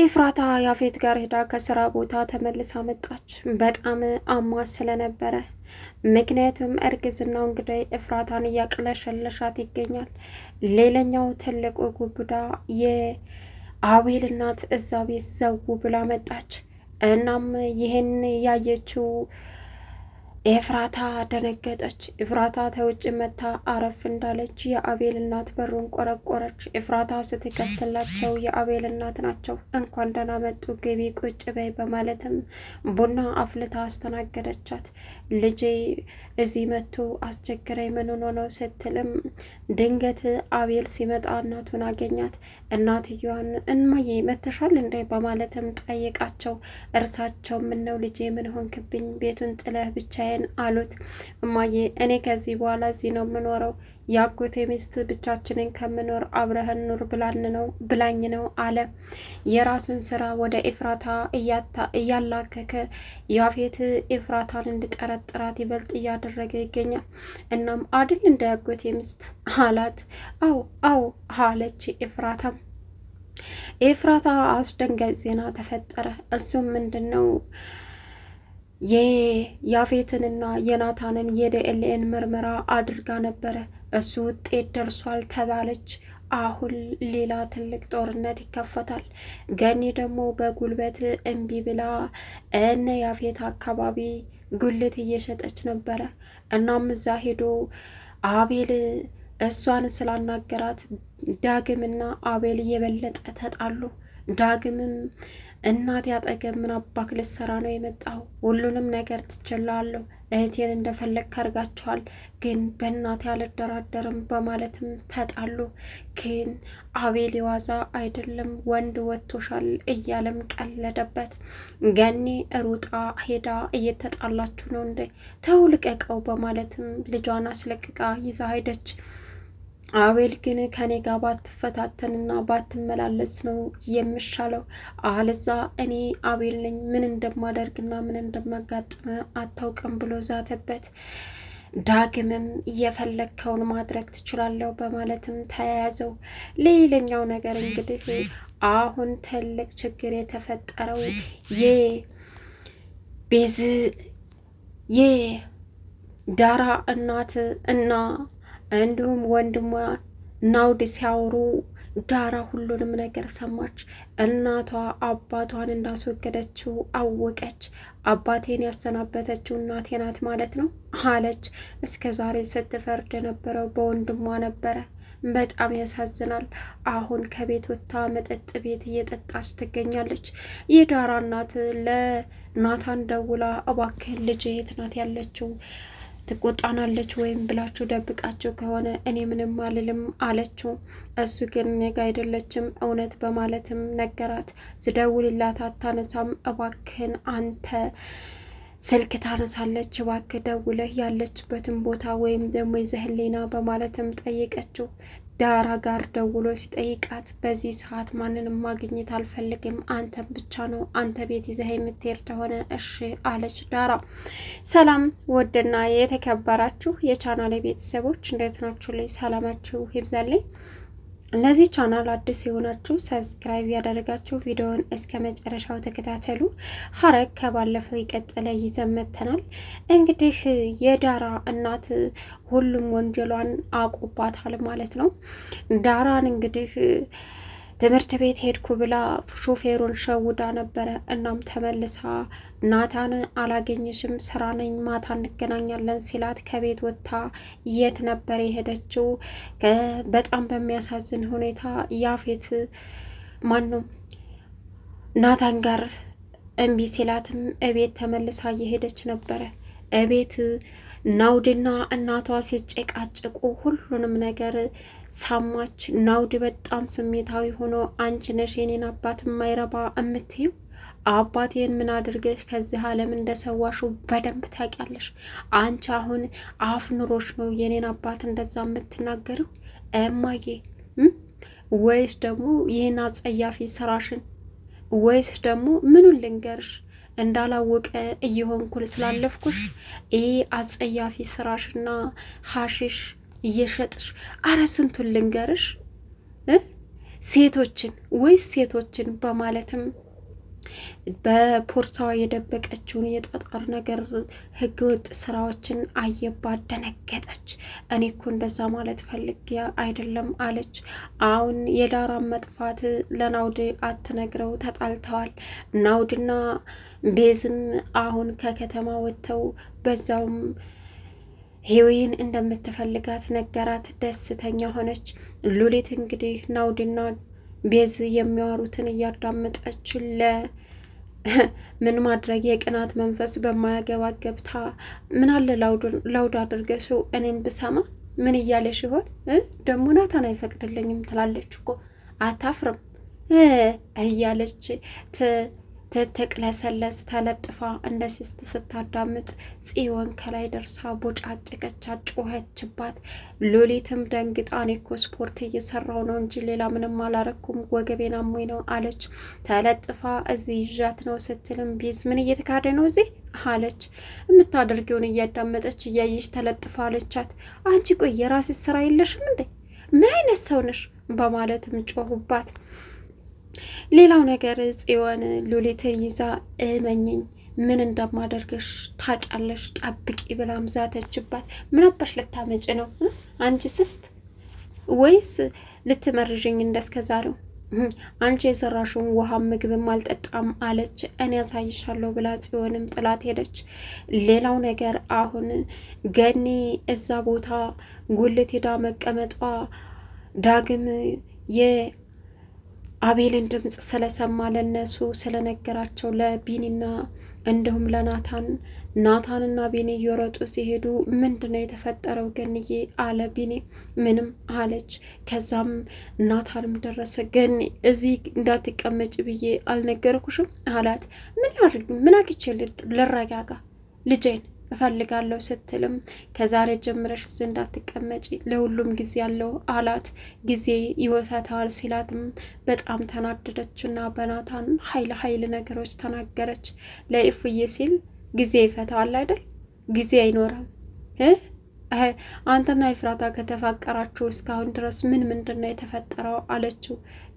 ኤፍራታ ያፌት ጋር ሄዳ ከስራ ቦታ ተመልሳ መጣች። በጣም አማስ ስለነበረ ምክንያቱም እርግዝናው እንግዲህ እፍራታን እያቅለሸለሻት ይገኛል። ሌላኛው ትልቁ ጉብዳ የአቤል እናት እዛ ቤት ዘው ብላ መጣች። እናም ይህን ያየችው ኤፍራታ ደነገጠች። ኤፍራታ ተውጭ መታ አረፍ እንዳለች የአቤል እናት በሩን ቆረቆረች። ኤፍራታ ስትከፍትላቸው የአቤል እናት ናቸው። እንኳን ደህና መጡ፣ ግቢ ቁጭ በይ በማለትም ቡና አፍልታ አስተናገደቻት። ልጄ እዚህ መጥቶ አስቸግረኝ ምን ሆኖ ነው ስትልም ድንገት አቤል ሲመጣ እናቱን አገኛት። እናትየዋን እማዬ መተሻል እንዴ በማለትም ጠይቃቸው እርሳቸው ምነው ልጄ ምን ሆንክብኝ ቤቱን ጥለህ ብቻ ጉዳይን አሉት። እማዬ እኔ ከዚህ በኋላ እዚህ ነው የምኖረው የአጎቴ ሚስት ብቻችንን ከምኖር አብረህን ኑር ብላን ነው ብላኝ ነው አለ። የራሱን ስራ ወደ ኤፍራታ እያላከከ ያፌት ኤፍራታን እንድጠረጥራት ይበልጥ እያደረገ ይገኛል። እናም አድል እንደ አጎቴ ሚስት አላት። አው አው አለች ኤፍራታ። ኤፍራታ አስደንጋጭ ዜና ተፈጠረ። እሱም ምንድን ነው የያፌትንና የናታንን የደኤልኤን ምርመራ አድርጋ ነበረ። እሱ ውጤት ደርሷል ተባለች። አሁን ሌላ ትልቅ ጦርነት ይከፈታል። ገኒ ደግሞ በጉልበት እምቢ ብላ እነ ያፌት አካባቢ ጉልት እየሸጠች ነበረ። እናም እዛ ሄዶ አቤል እሷን ስላናገራት ዳግምና አቤል እየበለጠ ተጣሉ። ዳግምም እናቴ አጠገብ ምን አባክ ልሰራ ነው የመጣው? ሁሉንም ነገር ትችላለሁ። እህቴን እንደፈለግ አድርጋችኋል፣ ግን በእናቴ አልደራደርም በማለትም ተጣሉ። ግን አቤል የዋዛ አይደለም ወንድ ወጥቶሻል እያለም ቀለደበት። ገኒ ሩጣ ሄዳ እየተጣላችሁ ነው እንዴ? ተው ልቀቀው በማለትም ልጇን አስለቅቃ ይዛ ሄደች። አቤል ግን ከኔ ጋር ባትፈታተንና ባትመላለስ ነው የምሻለው። አለዛ እኔ አቤል ነኝ ምን እንደማደርግና ምን እንደማጋጥመ አታውቅም ብሎ ዛተበት። ዳግምም የፈለግከውን ማድረግ ትችላለሁ በማለትም ተያያዘው። ሌላኛው ነገር እንግዲህ አሁን ትልቅ ችግር የተፈጠረው የቤዝ የዳራ እናት እና እንዲሁም ወንድሟ ናውድ ሲያወሩ ዳራ ሁሉንም ነገር ሰማች። እናቷ አባቷን እንዳስወገደችው አወቀች። አባቴን ያሰናበተችው እናቴ ናት ማለት ነው አለች። እስከ ዛሬ ስትፈርድ የነበረው በወንድሟ ነበረ። በጣም ያሳዝናል። አሁን ከቤት ወጥታ መጠጥ ቤት እየጠጣች ትገኛለች። የዳራ እናት ለናታን ደውላ እባክህ ልጅ የት ናት ያለችው ትቆጣናለች ወይም ብላችሁ ደብቃችሁ ከሆነ እኔ ምንም አልልም አለችው። እሱ ግን ኔጋ አይደለችም እውነት በማለትም ነገራት። ስደውልላት አታነሳም። እባክህን አንተ ስልክ ታነሳለች፣ እባክህ ደውለህ ያለችበትን ቦታ ወይም ደግሞ ይዘህልኝና በማለትም ጠየቀችው። ዳራ ጋር ደውሎ ሲጠይቃት በዚህ ሰዓት ማንንም ማግኘት አልፈልግም፣ አንተም ብቻ ነው። አንተ ቤት ይዘህ የምትሄድ ከሆነ እሺ አለች ዳራ። ሰላም ውድና የተከበራችሁ የቻናሌ ቤተሰቦች እንዴት ናችሁ? ላይ ሰላማችሁ ይብዛልኝ። ለዚህ ቻናል አዲስ የሆናችሁ ሰብስክራይብ ያደረጋችሁ ቪዲዮውን እስከ መጨረሻው ተከታተሉ። ሀረግ ከባለፈው የቀጠለ ይዘን መጥተናል። እንግዲህ የዳራ እናት ሁሉም ወንጀሏን አቁባታል ማለት ነው። ዳራን እንግዲህ ትምህርት ቤት ሄድኩ ብላ ሹፌሩን ሸውዳ ነበረ። እናም ተመልሳ ናታን አላገኝሽም፣ ስራ ነኝ፣ ማታ እንገናኛለን ሲላት ከቤት ወጥታ የት ነበር የሄደችው? በጣም በሚያሳዝን ሁኔታ ያፌት ማን ነው ናታን ጋር እምቢ ሲላትም እቤት ተመልሳ እየሄደች ነበረ እቤት ናውድና እናቷ ሲጨቃጨቁ ሁሉንም ነገር ሳማች። ናውድ በጣም ስሜታዊ ሆኖ አንቺ ነሽ የኔን አባት የማይረባ እምትይው አባቴን ምን አድርገሽ ከዚህ ዓለም እንደሰዋሹ በደንብ ታውቂያለሽ። አንቺ አሁን አፍ ኑሮሽ ነው የኔን አባት እንደዛ የምትናገረው? እማዬ፣ ወይስ ደግሞ ይህን አጸያፊ ስራሽን፣ ወይስ ደግሞ ምኑን ልንገርሽ እንዳላወቀ እየሆንኩል ስላለፍኩሽ ይህ አጸያፊ ስራሽና ሀሽሽ እየሸጥሽ አረ ስንቱን ልንገርሽ ሴቶችን ወይስ ሴቶችን በማለትም በፖርሳዋ የደበቀችውን የጠጠር ነገር ህገወጥ ስራዎችን አየባ ደነገጠች። እኔ እኮ እንደዛ ማለት ፈልግ አይደለም አለች። አሁን የዳራን መጥፋት ለናውድ አትነግረው፣ ተጣልተዋል። ናውድና ቤዝም አሁን ከከተማ ወጥተው በዛውም ሄዊን እንደምትፈልጋት ነገራት። ደስተኛ ሆነች። ሉሊት እንግዲህ ናውድና ቤዝ የሚያወሩትን እያዳመጠች ምን ማድረግ የቅናት መንፈስ በማያገባ ገብታ ምን አለ ላውድ አድርገሽው እኔን ብሰማ ምን እያለሽ ይሆን ደግሞ ናታን አይፈቅድልኝም ትላለች እኮ አታፍርም እያለች ትትቅለሰለስ ተለጥፋ እንደ ሲስት ስታዳምጥ ጽዮን ከላይ ደርሳ ቦጫጭቀቻ ጮኸችባት። ሎሊትም ደንግጣ እኔ እኮ ስፖርት እየሰራው ነው እንጂ ሌላ ምንም አላረኩም ወገቤን አሞኝ ነው አለች። ተለጥፋ እዚህ ይዣት ነው ስትልም ቢዝ ምን እየተካሄደ ነው እዚህ አለች። የምታደርጊውን እያዳመጠች እያየች ተለጥፋ አለቻት። አንቺ ቆይ የራስሽ ስራ የለሽም እንዴ? ምን አይነት ሰው ነሽ? በማለትም ጮሁባት። ሌላው ነገር ጽዮን ሉሊትን ይዛ እመኝኝ ምን እንደማደርግሽ ታውቂያለሽ፣ ጠብቂ ብላ ዛተችባት። ምን አባሽ ልታመጭ ነው አንቺ ስስት፣ ወይስ ልትመርዥኝ እንደስከ ዛሬው አንቺ የሰራሽውን ውሃም ምግብም አልጠጣም አለች። እኔ ያሳይሻለሁ ብላ ጽዮንም ጥላት ሄደች። ሌላው ነገር አሁን ገኒ እዛ ቦታ ጉልት ሄዳ መቀመጧ ዳግም አቤልን ድምፅ ስለሰማ ለነሱ ስለነገራቸው ለቢኒና እንዲሁም ለናታን ናታንና ቢኒ እየሮጡ ሲሄዱ ምንድን ነው የተፈጠረው ገንዬ? አለ ቢኒ። ምንም አለች። ከዛም ናታንም ደረሰ። ገኒ እዚህ እንዳትቀመጭ ብዬ አልነገርኩሽም አላት። ምን አድርግ ምን አግቼ ልረጋጋ ልጄን እፈልጋለሁ ስትልም ከዛሬ ጀምረሽ እዚህ እንዳትቀመጪ ለሁሉም ጊዜ ያለው አላት። ጊዜ ይወፈታል ሲላትም በጣም ተናደደችና በናታን ኃይል ኃይል ነገሮች ተናገረች። ለኢፉዬ ሲል ጊዜ ይፈታዋል አይደል? ጊዜ አይኖርም አንተና ኤፍራታ ከተፋቀራችሁ እስካሁን ድረስ ምን ምንድን ነው የተፈጠረው? አለችው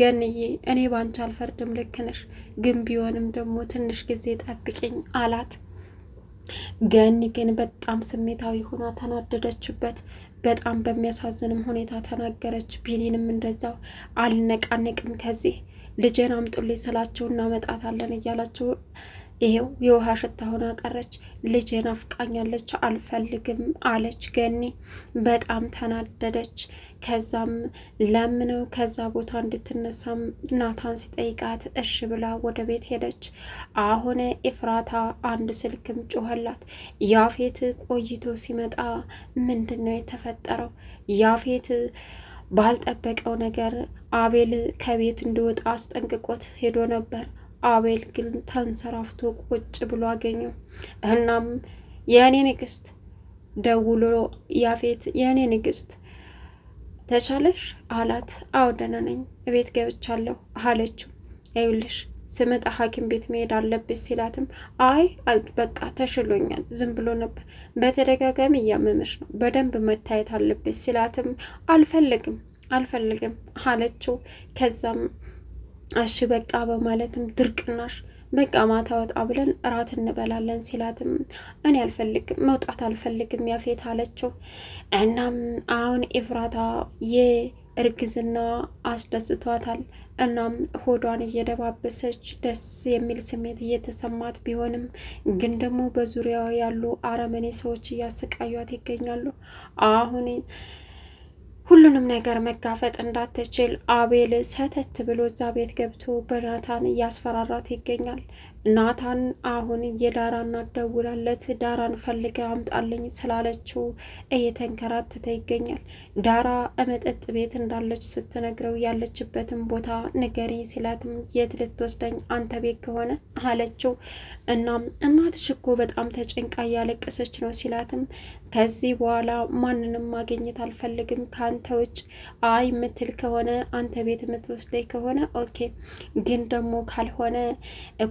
ገንዬ። እኔ ባንቺ አልፈርድም፣ ልክ ነሽ፣ ግን ቢሆንም ደግሞ ትንሽ ጊዜ ጠብቅኝ አላት። ገኒ ግን በጣም ስሜታዊ ሆና ተናደደችበት። በጣም በሚያሳዝንም ሁኔታ ተናገረች። ቢኒንም እንደዛው አልነቃነቅም ከዚህ ልጄን አምጡልኝ ስላቸው እናመጣታለን እያላቸው ይሄው የውሃ ሽታ ሆና ቀረች። ልጄ ናፍቃኛለች፣ አልፈልግም አለች ገኒ። በጣም ተናደደች። ከዛም ለምነው ከዛ ቦታ እንድትነሳም ናታን ሲጠይቃት እሽ ብላ ወደ ቤት ሄደች። አሁን ኤፍራታ አንድ ስልክም ጮኸላት። ያፌት ቆይቶ ሲመጣ ምንድን ነው የተፈጠረው? ያፌት ባልጠበቀው ነገር አቤል ከቤት እንዲወጣ አስጠንቅቆት ሄዶ ነበር አቤል ግን ተንሰራፍቶ ቁጭ ብሎ አገኘው። እናም የእኔ ንግስት ደውሎ ያፌት የእኔ ንግስት ተቻለሽ አላት። አዎ ደህና ነኝ እቤት ገብቻለሁ አለችው። ይኸውልሽ ስመጣ ሐኪም ቤት መሄድ አለብሽ ሲላትም አይ በቃ ተሽሎኛል፣ ዝም ብሎ ነበር። በተደጋጋሚ እያመመሽ ነው፣ በደንብ መታየት አለብሽ ሲላትም አልፈልግም አልፈልግም አለችው። ከዛም እሺ በቃ በማለትም ድርቅናሽ በቃ ማታ ወጣ ብለን እራት እንበላለን ሲላትም እኔ አልፈልግም መውጣት አልፈልግም ያፌት አለችው። እናም አሁን ኤፍራታ የእርግዝና አስደስቷታል። እናም ሆዷን እየደባበሰች ደስ የሚል ስሜት እየተሰማት ቢሆንም ግን ደግሞ በዙሪያው ያሉ አረመኔ ሰዎች እያሰቃዩት ይገኛሉ አሁን ሁሉንም ነገር መጋፈጥ እንዳትችል አቤል ሰተት ብሎ እዛ ቤት ገብቶ በናታን እያስፈራራት ይገኛል። ናታን አሁን የዳራን አደውላለት ዳራን ፈልገ አምጣልኝ ስላለችው እየተንከራተተ ይገኛል። ዳራ መጠጥ ቤት እንዳለች ስትነግረው ያለችበትን ቦታ ንገሪ ሲላትም የት ልትወስደኝ አንተ ቤት ከሆነ አለችው። እናም እናትሽ እኮ በጣም ተጨንቃ እያለቀሰች ነው ሲላትም ከዚህ በኋላ ማንንም ማግኘት አልፈልግም ከአንተ ውጭ አይ የምትል ከሆነ አንተ ቤት የምትወስደኝ ከሆነ ኦኬ፣ ግን ደግሞ ካልሆነ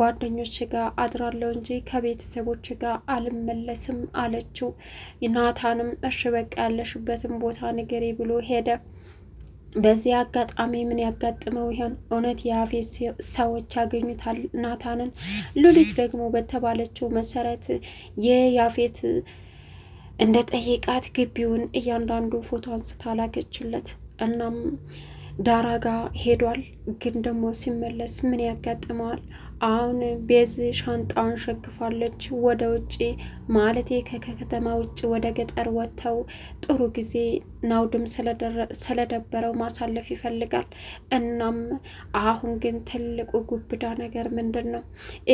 ጓደኞች ጋር አድራለሁ እንጂ ከቤተሰቦች ጋር አልመለስም አለችው። ናታንም እሺ በቃ ያለሽበትን ቦታ ንገሬ ብሎ ሄደ። በዚህ አጋጣሚ ምን ያጋጥመው ይሆን? እውነት የአፌት ሰዎች ያገኙታል ናታንን? ሉሊት ደግሞ በተባለችው መሰረት የያፌት እንደ ጠይቃት ግቢውን እያንዳንዱ ፎቶ አንስታ ላከችለት። እናም ዳራ ጋ ሄዷል። ግን ደግሞ ሲመለስ ምን ያጋጥመዋል? አሁን ቤዝ ሻንጣውን ሸክፋለች ወደ ውጭ ማለቴ ከከተማ ውጭ ወደ ገጠር ወጥተው ጥሩ ጊዜ ናውድም ስለደበረው ማሳለፍ ይፈልጋል። እናም አሁን ግን ትልቁ ጉብዳ ነገር ምንድን ነው?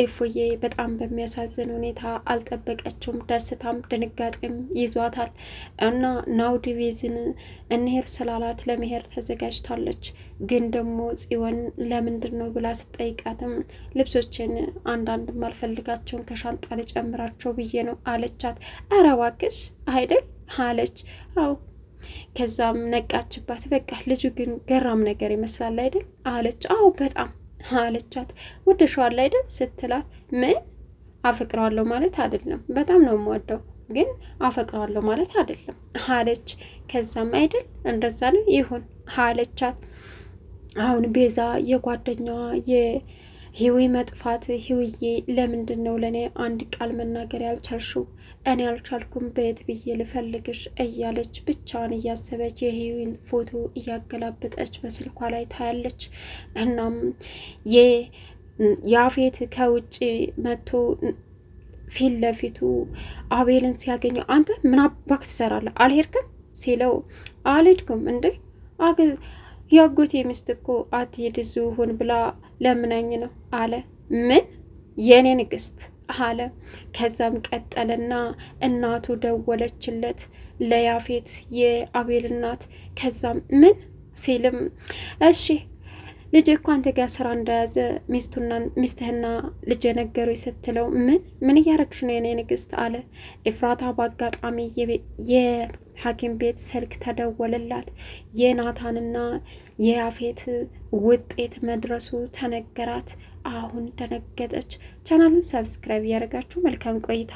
ኤፉዬ በጣም በሚያሳዝን ሁኔታ አልጠበቀችውም። ደስታም ድንጋጤም ይዟታል እና ናውድ ቤዝን እንሄድ ስላላት ለመሄድ ተዘጋጅታለች። ግን ደግሞ ጽዮን ለምንድን ነው ብላ ስጠይቃትም ልብሶችን አንዳንድ ማልፈልጋቸውን ከሻንጣ ልጨምራቸው ብዬ ነው አለቻት። አረ እባክሽ አይደል አለች። አዎ ከዛም ነቃችባት። በቃ ልጁ ግን ገራም ነገር ይመስላል አይደል አለች። አዎ በጣም አለቻት። ወደሸዋል አይደል ስትላት፣ ምን አፈቅረዋለሁ ማለት አይደለም በጣም ነው የምወደው ግን አፈቅረዋለሁ ማለት አይደለም አለች። ከዛም አይደል እንደዛ ነው ይሁን አለቻት። አሁን ቤዛ የጓደኛዋ የህዊ መጥፋት ህውዬ፣ ለምንድን ነው ለእኔ አንድ ቃል መናገር ያልቻልሽው? እኔ አልቻልኩም በየት ብዬ ልፈልግሽ እያለች ብቻዋን እያሰበች የህዩን ፎቶ እያገላበጠች በስልኳ ላይ ታያለች። እናም የአፌት ከውጭ መጥቶ ፊት ለፊቱ አቤልን ሲያገኘው አንተ ምን አባክ ትሰራለህ? አልሄድክም ሲለው አልሄድኩም እንዴ የአጎቴ ሚስት እኮ አትሄድ እዚሁ ሁን ብላ ለምናኝ ነው አለ። ምን የእኔ ንግስት አለ። ከዛም ቀጠለና እናቱ ደወለችለት ለያፌት የአቤል እናት። ከዛም ምን ሲልም እሺ ልጅ እኮ አንተ ጋር ስራ እንደያዘ ሚስቱና ሚስትህና ልጅ ነገሩ ስትለው ምን ምን እያረግሽ ነው የኔ ንግስት? አለ ኤፍራታ። በአጋጣሚ የሐኪም ቤት ስልክ ተደወለላት የናታንና የያፌት ውጤት መድረሱ ተነገራት። አሁን ደነገጠች። ቻናሉን ሰብስክራይብ እያደረጋችሁ መልካም ቆይታ